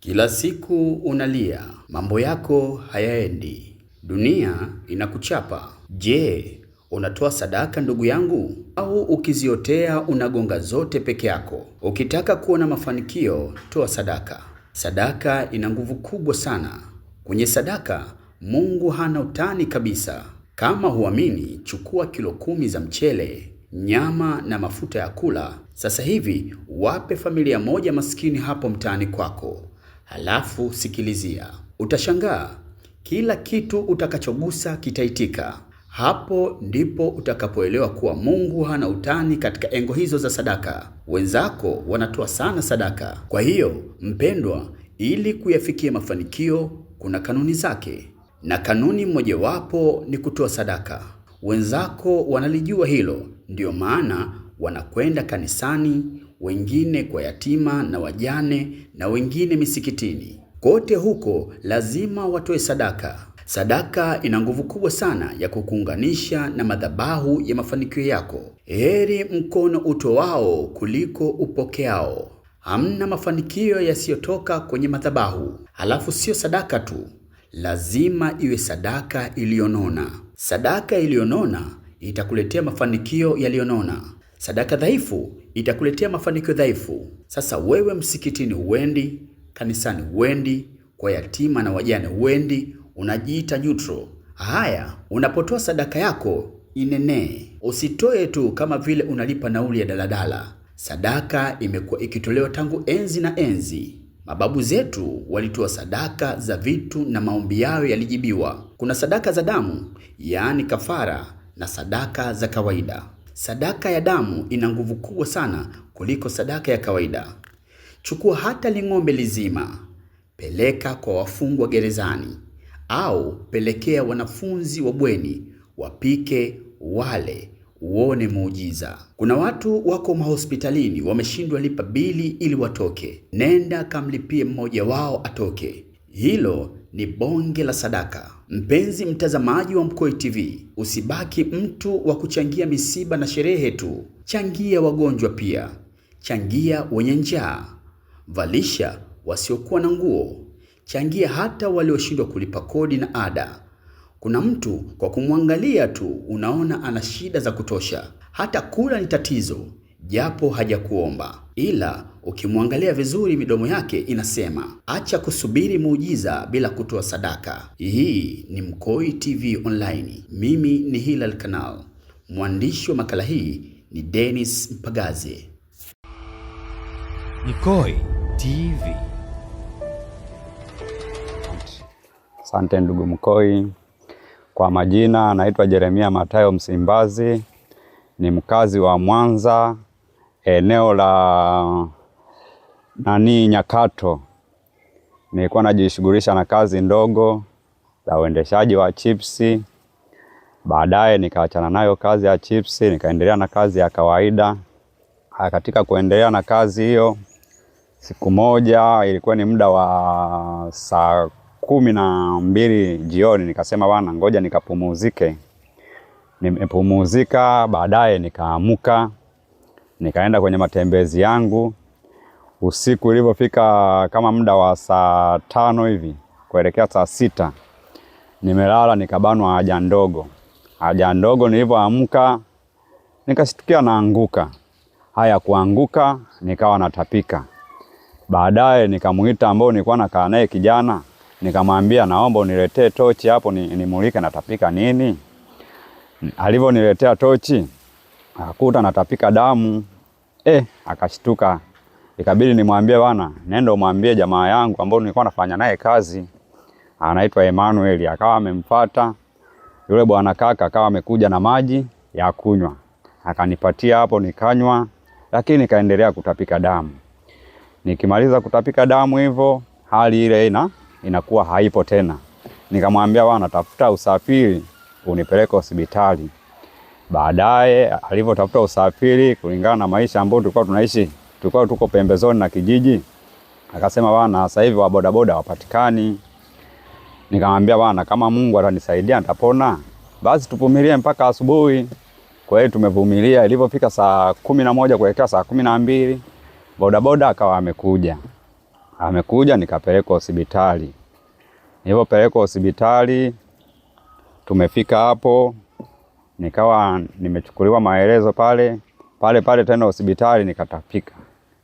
Kila siku unalia, mambo yako hayaendi, dunia inakuchapa. Je, unatoa sadaka ndugu yangu, au ukiziotea unagonga zote peke yako? Ukitaka kuona mafanikio, toa sadaka. Sadaka ina nguvu kubwa sana. Kwenye sadaka Mungu hana utani kabisa. Kama huamini, chukua kilo kumi za mchele, nyama na mafuta ya kula sasa hivi, wape familia moja maskini hapo mtaani kwako. Halafu sikilizia, utashangaa kila kitu utakachogusa kitaitika. Hapo ndipo utakapoelewa kuwa Mungu hana utani katika engo hizo za sadaka. Wenzako wanatoa sana sadaka. Kwa hiyo, mpendwa, ili kuyafikia mafanikio kuna kanuni zake, na kanuni mmojawapo ni kutoa sadaka. Wenzako wanalijua hilo, ndiyo maana wanakwenda kanisani, wengine kwa yatima na wajane, na wengine misikitini. Kote huko lazima watoe sadaka. Sadaka ina nguvu kubwa sana ya kukuunganisha na madhabahu ya mafanikio yako. Heri mkono utoao kuliko upokeao. Hamna mafanikio yasiyotoka kwenye madhabahu. Halafu sio sadaka tu, lazima iwe sadaka iliyonona. Sadaka iliyonona itakuletea mafanikio yaliyonona. Sadaka dhaifu itakuletea mafanikio dhaifu. Sasa wewe msikitini huendi, kanisani huendi, kwa yatima na wajane huendi, unajiita neutral. Haya, unapotoa sadaka yako inenee, usitoe tu kama vile unalipa nauli ya daladala. Sadaka imekuwa ikitolewa tangu enzi na enzi. Mababu zetu walitoa sadaka za vitu na maombi yao yalijibiwa. Kuna sadaka za damu, yaani kafara, na sadaka za kawaida. Sadaka ya damu ina nguvu kubwa sana kuliko sadaka ya kawaida. Chukua hata ling'ombe lizima, peleka kwa wafungwa gerezani, au pelekea wanafunzi wa bweni, wapike, wale, uone muujiza. Kuna watu wako mahospitalini wameshindwa lipa bili ili watoke. Nenda kamlipie mmoja wao atoke. Hilo ni bonge la sadaka. Mpenzi mtazamaji wa Mkoi TV, usibaki mtu wa kuchangia misiba na sherehe tu. Changia wagonjwa pia, changia wenye njaa, valisha wasiokuwa na nguo, changia hata walioshindwa kulipa kodi na ada. Kuna mtu kwa kumwangalia tu unaona ana shida za kutosha, hata kula ni tatizo, japo hajakuomba, ila ukimwangalia vizuri midomo yake inasema acha kusubiri muujiza bila kutoa sadaka. Hii ni Mkoi TV Online, mimi ni Hilal Canal, mwandishi wa makala hii ni Dennis Mpagaze. Mkoi TV. Asante ndugu Mkoi. Kwa majina naitwa Jeremia Matayo Msimbazi, ni mkazi wa Mwanza eneo la nani Nyakato, nilikuwa najishughulisha na kazi ndogo za uendeshaji wa chipsi. Baadaye nikaachana nayo kazi ya chipsi, nikaendelea na kazi ya kawaida. Katika kuendelea na kazi hiyo, siku moja ilikuwa ni muda wa saa kumi na mbili jioni, nikasema bana ngoja nikapumuzike. Nimepumuzika, baadaye nikaamuka nikaenda kwenye matembezi yangu usiku. ilivyofika kama muda wa saa tano hivi kuelekea saa sita nimelala nikabanwa haja ndogo. Haja ndogo, nilivyoamka nikashtukia naanguka. Haya, kuanguka nikawa natapika. Baadaye nikamuita ambao nilikuwa nakaa naye kijana, nikamwambia naomba uniletee tochi hapo nimulike natapika nini. Alivyoniletea tochi akakuta natapika damu eh, akashtuka. Ikabidi nimwambie bwana, nenda umwambie jamaa yangu ambao nilikuwa nafanya naye kazi anaitwa Emmanuel, akawa amemfuata yule bwana kaka, akawa amekuja na maji ya kunywa akanipatia hapo, nikanywa, lakini nikaendelea kutapika damu. Nikimaliza kutapika damu hivyo, hali ile ina inakuwa haipo tena. Nikamwambia bwana, tafuta usafiri unipeleke hospitali Baadaye alivyotafuta usafiri kulingana na maisha ambayo tulikuwa tunaishi, tulikuwa tuko pembezoni na kijiji, akasema bwana, sasa hivi wa bodaboda hawapatikani. Nikamwambia bwana, kama Mungu atanisaidia nitapona, basi tuvumilie mpaka asubuhi. Kwa hiyo tumevumilia, ilivyofika saa kumi na moja kuelekea saa kumi na mbili bodaboda akawa amekuja amekuja, nikapelekwa hospitali. Nilipopelekwa hospitali, tumefika hapo nikawa nimechukuliwa maelezo pale pale pale tena hospitali, nikatapika.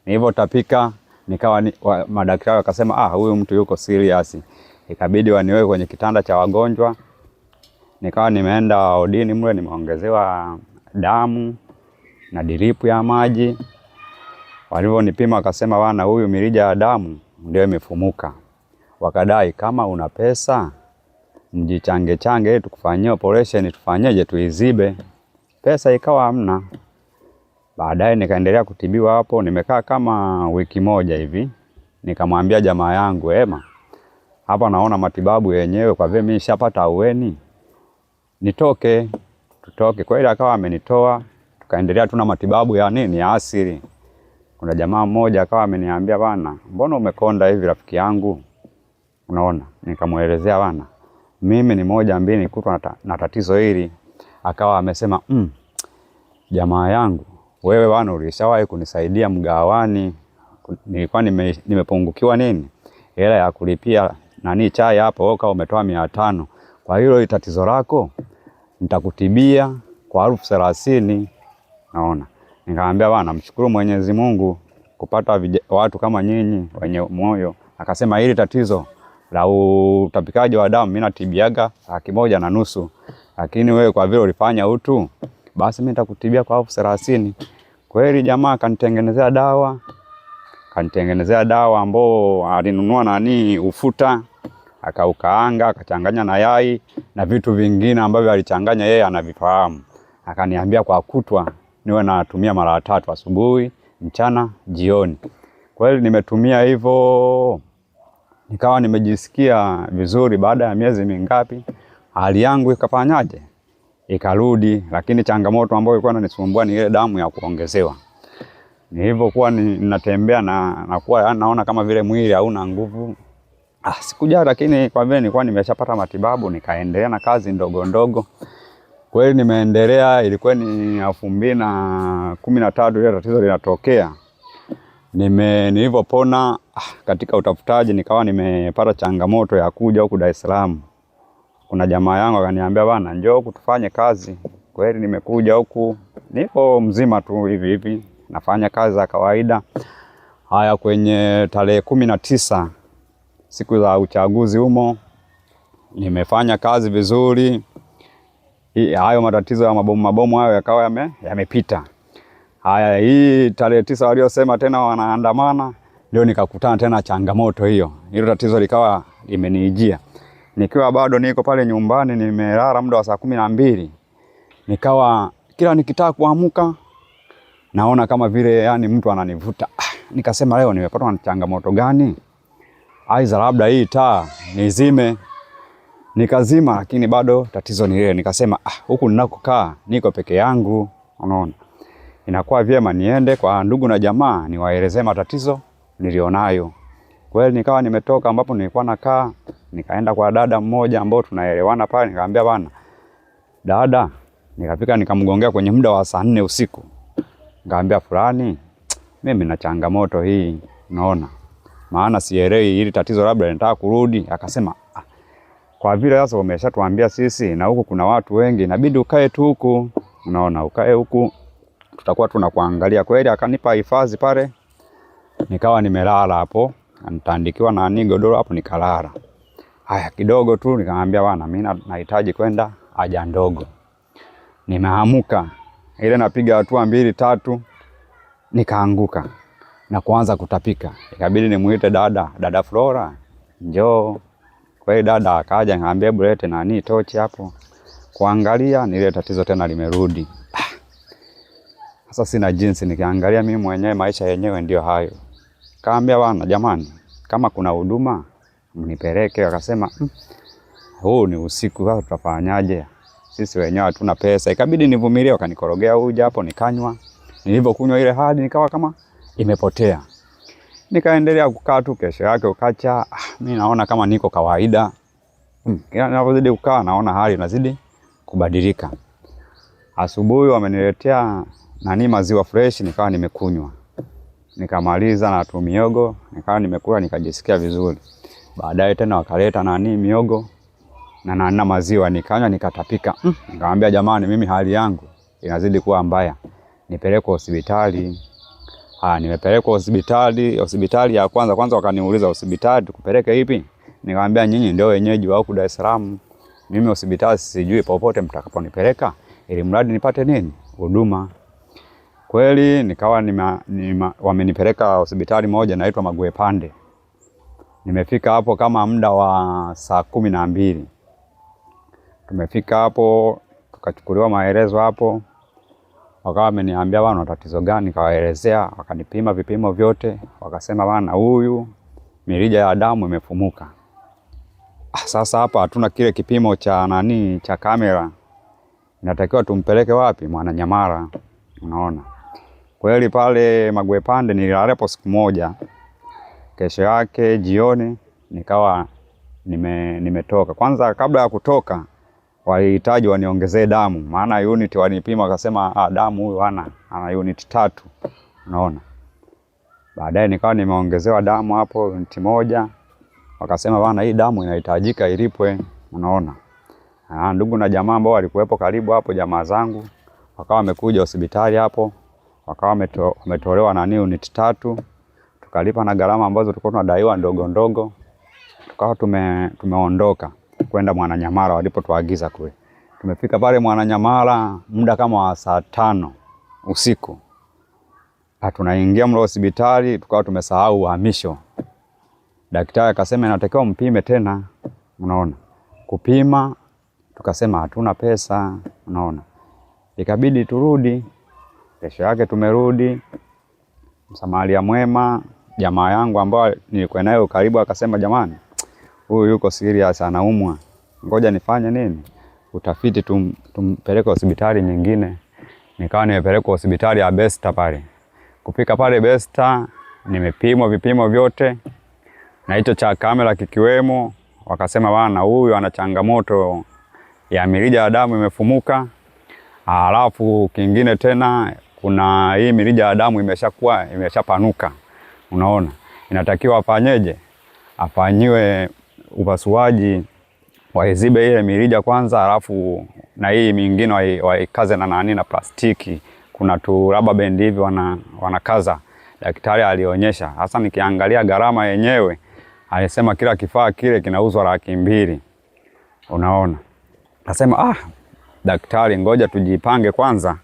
Nilivyotapika nikawa ni, wa, madaktari wakasema ah, huyu mtu yuko serious, ikabidi waniweke kwenye kitanda cha wagonjwa. Nikawa nimeenda odini mle, nimeongezewa damu na diripu ya maji. Walivyonipima wakasema, bana, huyu mirija ya damu ndio imefumuka. Wakadai kama una pesa mjichange change tukufanyie operation tufanyeje, tuizibe. Pesa ikawa hamna. Baadaye nikaendelea kutibiwa hapo, nimekaa kama wiki moja hivi, nikamwambia jamaa yangu ema, hapa naona matibabu yenyewe kwa vile mimi nishapata uweni. nitoke tutoke. Kwa Kweli akawa amenitoa, tukaendelea tuna matibabu ya nini ya asili. Kuna jamaa mmoja akawa ameniambia bana, mbona umekonda hivi rafiki yangu? Unaona, Nikamuelezea bana mimi ni moja mbili nikutwa na tatizo hili, akawa amesema mm, jamaa yangu wewe bwana, ulishawahi kunisaidia mgawani, nilikuwa nime, nimepungukiwa nini hela ya kulipia nani chai hapo, oka umetoa mia tano kwa hilo tatizo lako nitakutibia kwa elfu thelathini. Naona nikamwambia bwana, mshukuru Mwenyezi Mungu kupata watu kama nyinyi wenye moyo. Akasema hili tatizo la utapikaji wa damu mimi natibiaga saa moja na nusu, lakini wewe kwa vile ulifanya utu, basi mimi nitakutibia kwa elfu thelathini. Kweli jamaa kanitengenezea dawa, kanitengenezea dawa ambao alinunua nani ufuta akaukaanga akachanganya na yai na vitu vingine ambavyo alichanganya yeye anavifahamu. Akaniambia kwa kutwa niwe natumia mara tatu, asubuhi, mchana, jioni. Kweli nimetumia hivyo nikawa nimejisikia vizuri. Baada ya miezi mingapi, hali yangu ikafanyaje, ikarudi. Lakini changamoto ambayo ilikuwa inanisumbua ni ile damu ya kuongezewa. Nilivyokuwa ninatembea na nakuwa naona kama vile mwili hauna nguvu. Ah, sikuja, lakini kwa vile nilikuwa nimeshapata matibabu nikaendelea na kazi ndogo ndogo. Kweli nimeendelea, ilikuwa ni elfu mbili na kumi na tatu ile tatizo linatokea. Nime nilivyopona Ah, katika utafutaji nikawa nimepata changamoto ya kuja huku Dar es Salaam. Kuna jamaa yangu akaniambia, bana, njoo huku tufanye kazi. Kweli nimekuja huku, niko mzima tu hivi hivi, nafanya kazi za kawaida. Haya, kwenye tarehe kumi na tisa siku za uchaguzi humo nimefanya kazi vizuri. Hayo matatizo ya mabomu mabomu hayo yakawa yamepita. Haya, hii tarehe tisa waliosema tena wanaandamana leo nikakutana tena changamoto hiyo, hilo tatizo likawa limeniijia nikiwa bado niko pale nyumbani, nimelala muda wa saa kumi na mbili, nikawa kila nikitaka kuamka naona kama vile yani mtu ananivuta. Ah, nikasema leo nimepatwa na changamoto gani? Aidha labda hii taa nizime. Nikazima, lakini bado tatizo ni lile. Nikasema ah, huku ninakokaa niko peke yangu, unaona inakuwa vyema niende kwa ndugu na jamaa niwaelezee matatizo nilionayo. Kweli hiyo nikawa nimetoka ambapo nilikuwa nakaa, nikaenda kwa dada mmoja ambao tunaelewana pale, nikamwambia bana dada, nikafika nikamgongea kwenye muda wa saa nne usiku, nikamwambia fulani, mimi na changamoto hii, naona maana sielewi hili tatizo, labda nitaka kurudi. Akasema ah, kwa vile sasa umeshatuambia sisi na huku kuna watu wengi, inabidi ukae tu huku, unaona, ukae huku, tutakuwa tunakuangalia. Kweli akanipa hifadhi pale nikawa nimelala hapo, nitaandikiwa nani godoro hapo, nikalala. Haya, kidogo tu nikamwambia bwana, mimi nahitaji kwenda haja ndogo. Nimeamuka ile napiga hatua mbili tatu, nikaanguka na kuanza kutapika. Ikabidi nimuite dada, dada Flora, njoo. Kwa hiyo dada akaja, nikamwambia hebu lete nani tochi hapo kuangalia. Ni ile tatizo tena limerudi ah, sasa, sina jinsi. Nikiangalia mimi mwenyewe, maisha yenyewe ndio hayo. Kaambia bana, jamani, kama kuna huduma mnipeleke. Akasema mm, huu ni usiku, sasa tutafanyaje? Sisi wenyewe hatuna pesa. Ikabidi nivumilie, wakanikorogea uji hapo, nikanywa. Nilivyokunywa ile hadi nikawa kama imepotea, nikaendelea kukaa tu. Kesho yake ukacha, ah, mi naona kama niko kawaida. Mm, kila ninavyozidi kukaa, naona hali inazidi kubadilika. Asubuhi wameniletea nani, maziwa fresh, nikawa nimekunywa nikamaliza na tu miogo nikawa nimekula nikajisikia vizuri. Baadaye tena wakaleta nani miogo na na maziwa nikanywa nikatapika. Mm, nikamwambia jamani, mimi hali yangu inazidi kuwa mbaya, nipelekwe hospitali. Ah, nimepelekwa hospitali. Hospitali ya kwanza kwanza wakaniuliza hospitali tukupeleke ipi? Nikamwambia nyinyi ndio wenyeji wa huku Dar es Salaam, mimi hospitali sijui, popote mtakaponipeleka, ili mradi nipate nini huduma kweli nikawa nima, nima, wamenipeleka hospitali moja naitwa Mague Pande. Nimefika hapo kama muda wa saa kumi na mbili tumefika hapo tukachukuliwa maelezo hapo, wakawa wameniambia bana, una tatizo gani? Nikawaelezea, wakanipima vipimo vyote, wakasema bana, huyu mirija ya damu imefumuka. Ah, sasa hapa hatuna kile kipimo cha nani cha kamera, inatakiwa tumpeleke wapi? Mwananyamara, unaona Kweli pale Magwe Pande nilalepo siku moja, kesho yake jioni nikawa nime, nimetoka. Kwanza kabla ya kutoka walihitaji waniongezee damu, maana unit wanipima wakasema, ah, damu huyu ana ana unit tatu, unaona. Baadaye nikawa nimeongezewa damu hapo unit moja, wakasema bana, hii damu inahitajika ilipwe, unaona. Ah, ndugu na jamaa ambao walikuwepo karibu hapo, jamaa zangu wakawa wamekuja hospitali hapo wakawa wametolewa nani unit tatu, tukalipa na gharama ambazo tulikuwa tunadaiwa ndogo ndogo, tukawa tume, tumeondoka kwenda Mwananyamala walipotuagiza kule. Tumefika pale Mwananyamala muda kama wa saa tano usiku, tunaingia mle hospitali, tukawa tumesahau uhamisho. Daktari akasema inatakiwa mpime tena, unaona kupima, tukasema hatuna pesa, unaona, ikabidi turudi Kesho yake tumerudi, msamaria mwema jamaa yangu ambayo nilikuwa naye karibu akasema, jamani, huyu yuko serious anaumwa, ngoja nifanye nini utafiti, tum, tumpeleke hospitali nyingine. Nikawa nimepelekwa hospitali ya Besta pale. Kufika pale Besta nimepimwa vipimo vyote na hicho cha kamera kikiwemo, wakasema bana, huyu ana changamoto ya mirija ya damu imefumuka, alafu kingine tena kuna hii mirija ya damu imeshakuwa imeshapanuka, unaona, inatakiwa afanyeje? Afanyiwe upasuaji, waizibe ile mirija kwanza, alafu na hii mingine waikaze na nani na plastiki, kuna tu raba bendi hivi wana, wanakaza. Daktari alionyesha hasa, nikiangalia gharama yenyewe alisema kila kifaa kile kinauzwa laki mbili. Unaona, nasema ah, daktari, ngoja tujipange kwanza.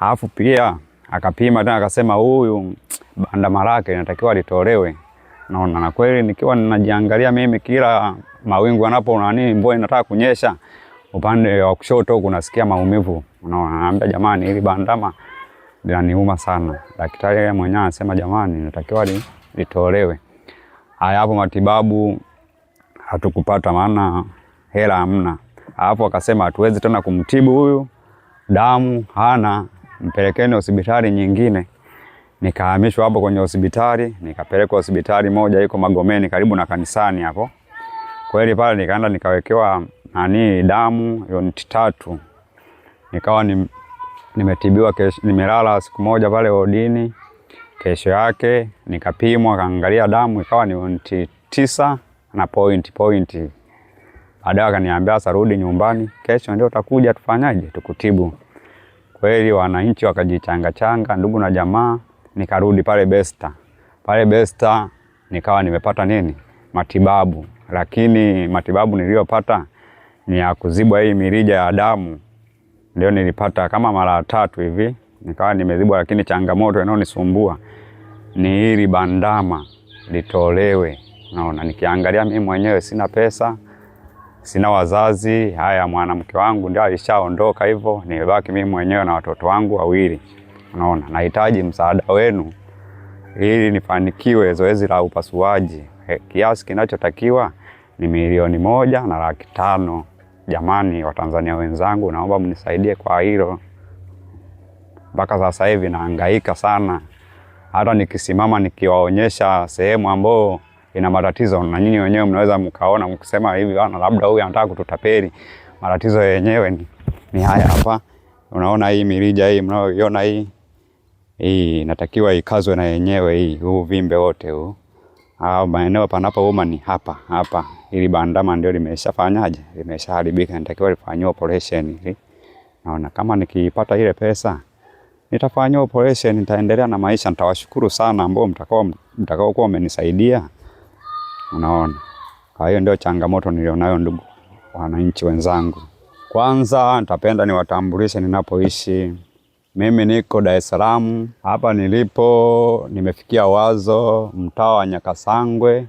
Alafu pia akapima tena akasema huyu banda marake inatakiwa litolewe. Naona na kweli nikiwa ninajiangalia mimi, kila mawingu yanapo nani, mvua inataka kunyesha, upande wa kushoto huko nasikia maumivu. Unaona, naambia jamani, hili bandama linaniuma sana. Daktari mwenyewe anasema jamani, inatakiwa litolewe. Haya, hapo matibabu hatukupata, maana hela hamna. Hapo akasema hatuwezi tena kumtibu huyu, damu hana mpelekeni hospitali nyingine. Nikahamishwa hapo kwenye hospitali, nikapelekwa hospitali moja iko Magomeni karibu na kanisani hapo. Kweli pale nikaenda nikawekewa nani damu yoniti tatu. Nikawa ni, nimetibiwa kesho, nimelala siku moja pale odini. Kesho yake nikapimwa, kaangalia damu ikawa ni yoniti tisa na point point. Baadaye akaniambia sarudi nyumbani, kesho ndio utakuja tufanyaje, tukutibu kweli, wananchi wakajichangachanga, ndugu na jamaa. Nikarudi pale Besta, pale Besta nikawa nimepata nini matibabu, lakini matibabu niliyopata ni ya kuzibwa hii mirija ya damu, ndio nilipata kama mara tatu hivi nikawa nimezibwa, lakini changamoto inayonisumbua ni hili bandama litolewe. Naona nikiangalia mimi mwenyewe sina pesa sina wazazi. Haya, mwanamke wangu ndio alishaondoka, hivyo nimebaki mimi mwenyewe na watoto wangu wawili. Unaona, nahitaji msaada wenu ili nifanikiwe zoezi la upasuaji. Eh, kiasi kinachotakiwa ni milioni moja na laki tano. Jamani, Watanzania wenzangu, naomba mnisaidie kwa hilo. Mpaka sasa hivi naangaika sana, hata nikisimama nikiwaonyesha sehemu ambayo ina matatizo, na nyinyi wenyewe mnaweza mkaona mkisema hivi bana, labda huyu anataka kututapeli. Matatizo yenyewe ni, ni haya hapa. Unaona hii mirija hii mnayoiona hii hii inatakiwa ikazwe na yenyewe hii, huu vimbe wote huu. au maeneo panapo panapouma ni hapa hapa, ili bandama ndio limeshafanyaje, limeshaharibika, nitakiwa lifanywe operation hii. Naona kama nikipata ile pesa nitafanywa operation, nitaendelea na maisha. Nitawashukuru sana ambao mtakao mtakao kuwa mmenisaidia. Unaona, kwa hiyo ndio changamoto nilionayo ndugu wananchi wenzangu. Kwanza nitapenda niwatambulishe ninapoishi. Mimi niko Dar es Salaam. Hapa nilipo nimefikia wazo mtaa wa Nyakasangwe,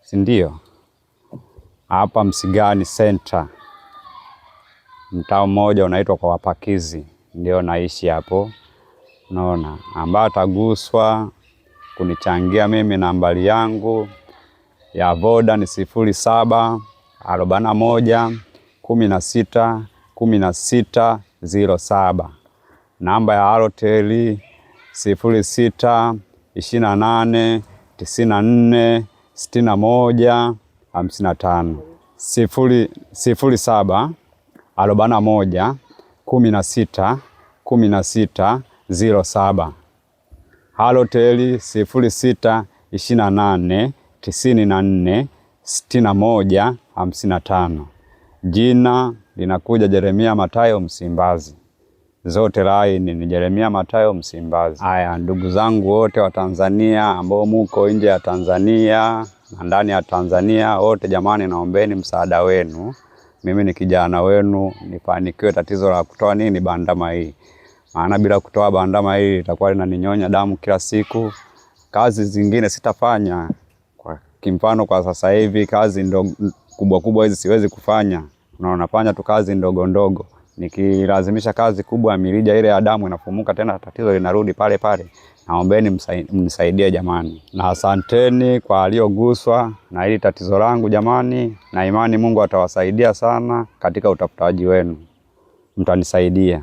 si ndio? Hapa Msigani Center, mtaa mmoja unaitwa kwa wapakizi, ndio naishi hapo, unaona, ambayo ataguswa kunichangia mimi nambari yangu ya Voda ni sifuri saba arobaini na moja kumi na sita kumi na sita zero saba. Namba ya aroteli sifuri sita ishirini na nane tisini na nne sitini na moja hamsini na tano sifuri sifuri saba arobaini na moja kumi na sita kumi na sita ziro saba. Airtel sifuri sita ishirini na nane tisini na nne sitini na moja hamsini na tano. Jina linakuja Jeremia Matayo Msimbazi, zote laini ni Jeremia Matayo Msimbazi. Haya, ndugu zangu wote wa Tanzania ambao muko nje ya Tanzania na ndani ya Tanzania, wote jamani, naombeni msaada wenu. Mimi ni kijana wenu, nifanikiwe tatizo la kutoa nini bandama hii, maana bila kutoa bandama hii itakuwa linaninyonya damu kila siku, kazi zingine sitafanya. Kimfano, kwa sasa hivi kazi ndogo kubwa kubwa hizi siwezi kufanya, unaona, nafanya tu kazi ndogo ndogo. Nikilazimisha kazi kubwa ya mirija ile ya damu inafumuka tena, tatizo linarudi pale pale. Naombeni mnisaidie jamani, na asanteni kwa aliyoguswa na hili tatizo langu jamani, na imani Mungu atawasaidia sana katika utafutaji wenu, mtanisaidia.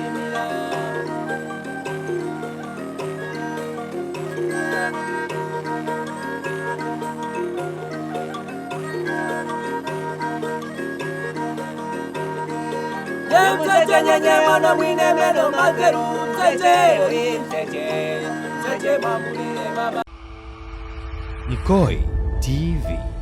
mwetenyenye mwana mwine meno matheru mzeche ori mzeche mzeche mwamulile baba Nikoi TV